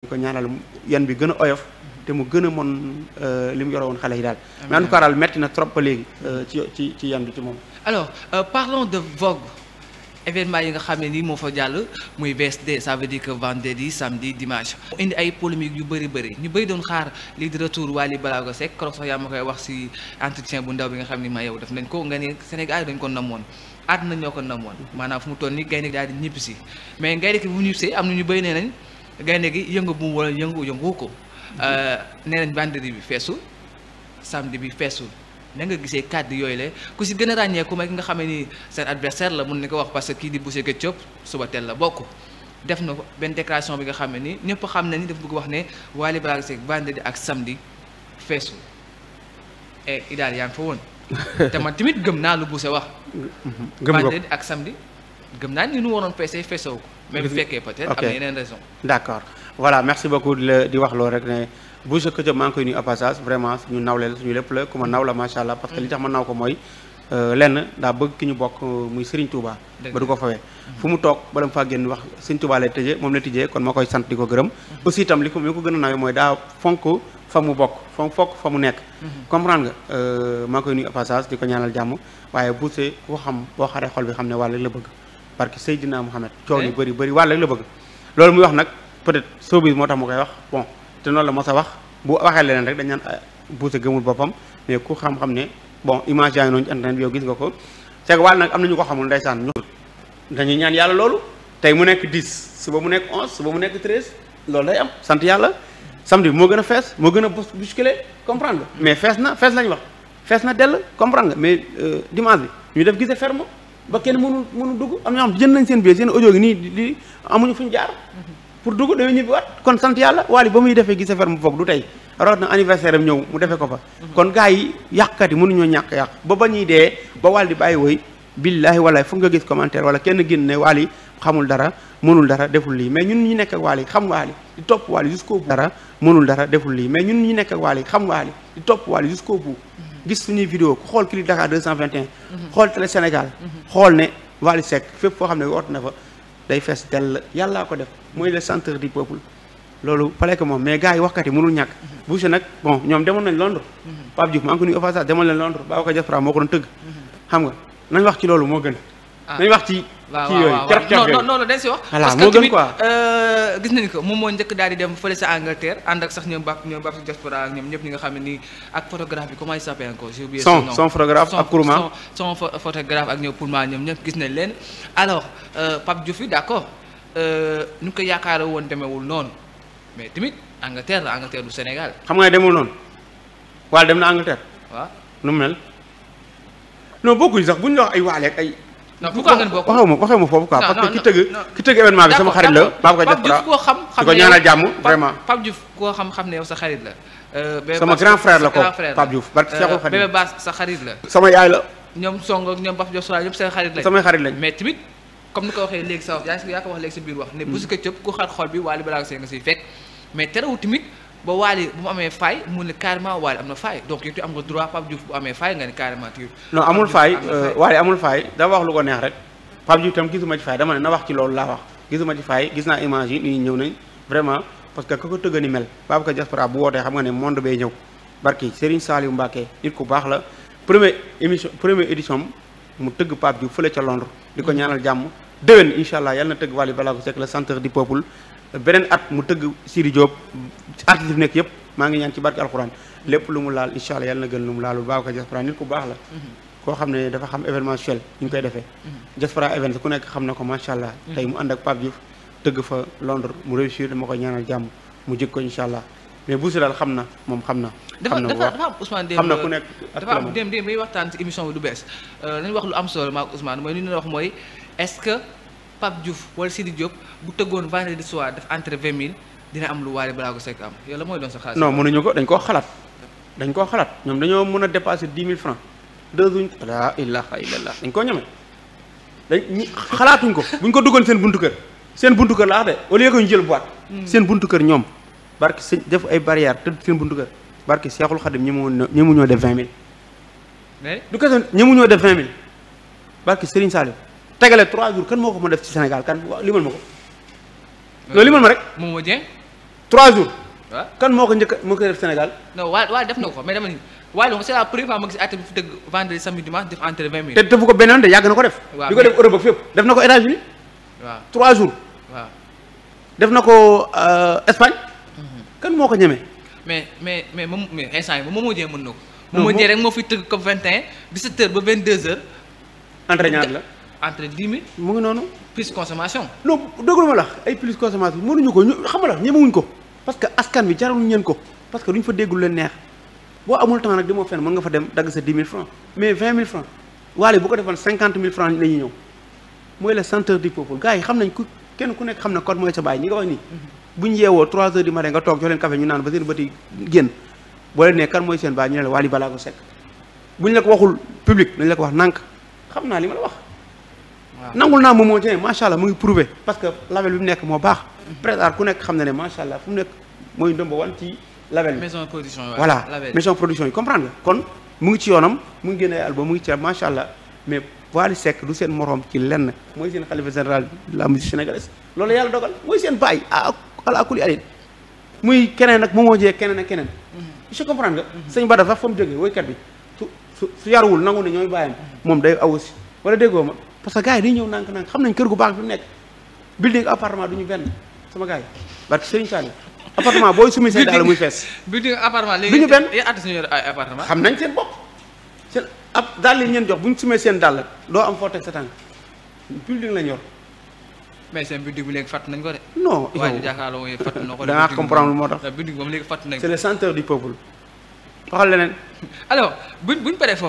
ñu ko ñaanal yan bi gën a oyof te mu gën a mën euh, li mu yore woon xale yi daal mais en tout metti na trop ba léegi euh, ci ci yan bi ci moom alors euh, de Vogue événement yi nga xam ne nii moo fa jàll muy BSD sa veut dire que vendredi samedi dimanche indi ay polémique yu bëri bëri ñu bëri doon xaar lii di retour Wally Ballago Seck keroog sax yaa ma koy wax si entretien bu ndaw bi nga xam ne ma yow def nañ ko nga ne Sénégal dañ ko namoon àdduna ñoo ko namoon maanaam fu mu toll nii gaynde daal am na ñu bëri nee nañ gaynde gi yëngu bu walla wala yëngu yëngu ko mhm. euh, nee nañ vendredi bi feesu samdi bi feesul na nga gisee kàddu yooyu le ku si gën a ràññeeku ma ki nga xamee ni seen adversaire la mun ni ko wax parce que kii di Boucher Ketchup suba teel la bokk def na benn déclaration bi nga xam ne ni ñëpp xam na ni dafa bëgg wax ne Wally Ballago Seck vendredi ak samedi feesu et eh, Idaal yaa fa woon te man tamit gëm naa lu Boucher wax. gëm vendredi ak samedi gëm naa ni ñu waroon feesee feesaw ko même fekkee peut-être am na yeneen raison d'accord voilà merci beaucoup di wax loolu rek ne bu jëkk jëm maa ngi koy nuyu au passage suñu nawleel suñu lépp la ku ma naw allah parce que li mm. tax ma naw ko mooy euh, lenn daa bëgg ki ñu bokk euh, muy Serigne Touba ba du ko fawee mm. fu mu toog bala mu faa génn wax Serigne Touba tëjee moom la tijjee kon ma koy sant di ko gërëm mm. aussi itam li ko li ko gën a nawee mooy daa fonk parce que Seydina Mohamed coow li eh? bëri bëri wàll rek la bëgg loolu muy wax nag peut-être showbiz moo tax mu koy wax bon te noonu la mos a wax bu waxee leneen rek dañ naan ah, buuse gëmul boppam mais ku xam-xam ne bon image yaa noonu na ñu ko xamul ndeysaan ñu dañuy ñaan yàlla loolu tey mu nekk 10 suba mu mu nekk 13 loolu day am sant yàlla samedi bi moo gën moo gën a bousculé comprendre nga mais fees na fees na dell comprendre euh, def gisee ferme ba kenn mënu mënu dugg am na ñoo xam jënd nañ seen biir seen audio gi nii di amuñu fu ñu jaar pour dugg dañuy ñibbi waat kon sant yàlla waali ba muy defee gis affaire mu foog du tey rawat na anniversaire am ñëw mu defee ko fa kon gars yi yàqkat yi mënuñoo ñàkk yàq ba ba ñuy dee ba wàll di bàyyi woy billaahi walaay foog nga gis commentaire wala kenn génn ne waali xamul dara mënul dara deful lii mais ñun ñu nekk ak waali xam waali di topp waali jusqu'au bout dara mënul dara deful lii mais ñun ñu nekk ak waali xam waali di topp waali jusqu'au bout gis suñuy vidéo ku xool clip Dakar 221. Mhm. xool télé Sénégal. Mhm. xool ne Wally Seck fépp foo xam ne woot na fa day fees dell yàllaa ko def mhm. mooy le centre di peuple loolu pare que moom mais gars yi waxkat yi mënul ñàkk. Boucher nag bon ñoom demoon nañ Londres. Pape Diouf maa ngi ko nuyu au passage demoon nañ Londres Babacar Diaspora moo ko tëgg. xam nga nañ wax ci loolu moo gën. Ah. nañ wax ci. ci yooyu caraf caraf nañ moom moo njëkk daal di dem fële sa Angleterre ànd ak sax ñëpp ñi nga xam ne son son photographe ak Kourma son son photographe ak ñoom ñoom ñëpp gis leen alors euh, Pape Diouf yi d'accord euh, ko yaakaar woon demewul noonu mais tamit Angleterre la Angleterre du xam nga demul noonu waaye dem na Angleterre. waa nu mu mel non bokkuñ sax bu ñu wax ay waale ak ay. non pourquoi ngeen bokk waxewu ma waxewu ma foofu quoi parce que ki tëgg ki tëgg événement bi sama xarit la Babacar Diattara koo xam xam ko jàmm vraiment Pape koo xam xam ne yow sa xarit la euh, sama grand frère la ko Pape Diouf barke Cheikhul euh, Khadim bébé Bass sa xarit sama yaay la ñoom song ñoom Baf Diosora ñëpp seen xarit lañ samay xarit lañ mais tamit comme ni ko waxee léegi sa wax yaa yaa ko wax léegi sa biir wax ne hmm. bu si ko ku xar xol bi waali balaa nga siy fekk mais terewul tamit ba Waly bu mu amee faay mu ne carrément Waly am na faay donc yow am nga droit Pape Diouf bu amee faay nga ne carrément. non amul faay euh, Waly amul faay da wax lu ko neex rek Pape Diouf tam gisuma ci faay dama ne na wax ci loolu laa wax gisuma ci faay gis naa image yi nit ñi ñëw nañ vraiment parce que ku ko tëgg ni mel Babacar Diaspora bu wootee xam nga ne monde bay ñëw barki Serigne Saliou Mbacké nit ku baax la première émission première édition mu tëgg Pape Diouf fële ca di ko ñaanal jàmm déwén incha allah yàlla na tëgg Waly Ballago Seck le centre du peuple beneen at mu tëgg Siri Diop artiste nekk yëpp maa ngi ñaan ci barke alxuraan lépp lu mu laal incha allah yàlla na gën lu mu laalul Babacar Diaspora nit ku baax la mm-hmm. ko xam ne dafa xam événementiel ñu ngi koy defee mm-hmm. Diaspora event ku nekk xam na ko macha allah mm-hmm. tey mu ànd ak Pape Diouf tëgg fa Londres mu réussir dama koy ñaanal jàmm mu jëkk ko incha allah mais Boussy daal xam na moom xam na dafa dafa dafa am Ousmane démb xam na ku nekk dafa am démb démb day waxtaan ci émission bi du bees dañu euh, wax lu am solo maa Ousmane mooy li ñu wax mooy est-ce que Pape Diouf wala Sidi Diop bu tëggoon vendredi soir def entre vingt mille dina am lu Wally Ballago Seck am yow la mooy doon sa xaalis. non mënuñu ko dañ koo xalaat dañ koo xalaat ñoom dañoo mën a dépasser dix mille francs deux uñ la ilaha illallah dañ koo ñeme dañ ñi xalaatuñ ko buñ ko duggoon seen buntu kër seen buntu kër laa de au lieu que ñu jël boîte hmm. seen buntu kër ñoom barke sëñ def ay barrière tëdd seen buntu kër barke Seexul Xadim ñi mu ñi mu ñoo def vingt mille du kese ñi mu ñoo def vingt mille barke Serigne Saliou tegale 3 jours kan moo ko mën def ci Sénégal kan limal ma ko. non limal ma rek. moo Dieng. 3 jours. waaw kan moo ko njëkk moo ko def Sénégal. non waa waa def na ko mais dama ni waaye loolu c'est la première at bi fu dëgg vendredi samedi dimanche def entre 20 minutes. te defu ko benn yoon de yàgg na ko def. waaw bi ko def Europe ak def na ko États-Unis waaw jours. def na ko euh, Espagne. Mhm. kan moo ko ñemee. mais mais mais moom mais instant yi Momo Dieng mën na ko. Momo Dieng moo fi tëgg COP 21 17h ba 22h. entraîneur la. entre guillemets. mu ngi noonu. plus consommation. non dëgg la ay plus consommation mënuñu ko ñu xam la ñemewuñ ko parce que askan bi ko parce que duñ fa dégg lu leen neex boo amul temps nag nga fa dem dagg sa dix mille francs mais vingt mille francs waale bu yi xam nañ kenn ku nekk xam na kon mooy sa bàyyi ñi nga wax nii. bu ñu yeewoo trois heures du matin ba seen bëti génn boo leen ne kan la la wax nànk xam naa li ma la wax nangul naa Momo Dieng macha allah mu ngi prouvé parce que label bi mu nekk moo baax. Prédar ku nekk xam na ne macha allah fu mu nekk mooy ndëmba wan ci label bi. maison production yi voilà maison production yi comprendre nga mu ngi ci yoonam mu ngi génne album mu ngi ci macha allah mais Wally Seck du seen morom ci lenn mooy seen xalifa général de la musique sénégalaise yàlla dogal mooy seen baay ah ala kulli alin muy keneen ak Momo Dieng keneen ak keneen. je mhm. comprendre nga. Mhm. sëñ Bada sax fa mu jógee woykat bi su su yaruwul nangu ne mhm. moom day aw si wala déggoo ma. parce que gars dañu ñëw nànk-nànk xam nañ kër gu baax bi mu nekk building appartement du ñu benn sama gars yi barki Serigne Saliou appartement booy sumi seen daal muy fees benn yéen artiste ñu yor ay jox bu ñu sumee seen dàll doo am foo teg sa tànk building lañ yor mais seen building bi léegi fàtt nañ ko de non waaye jàkkaarloo yi fàtt na ko moo tax c'est le centre du peuple waxal leneen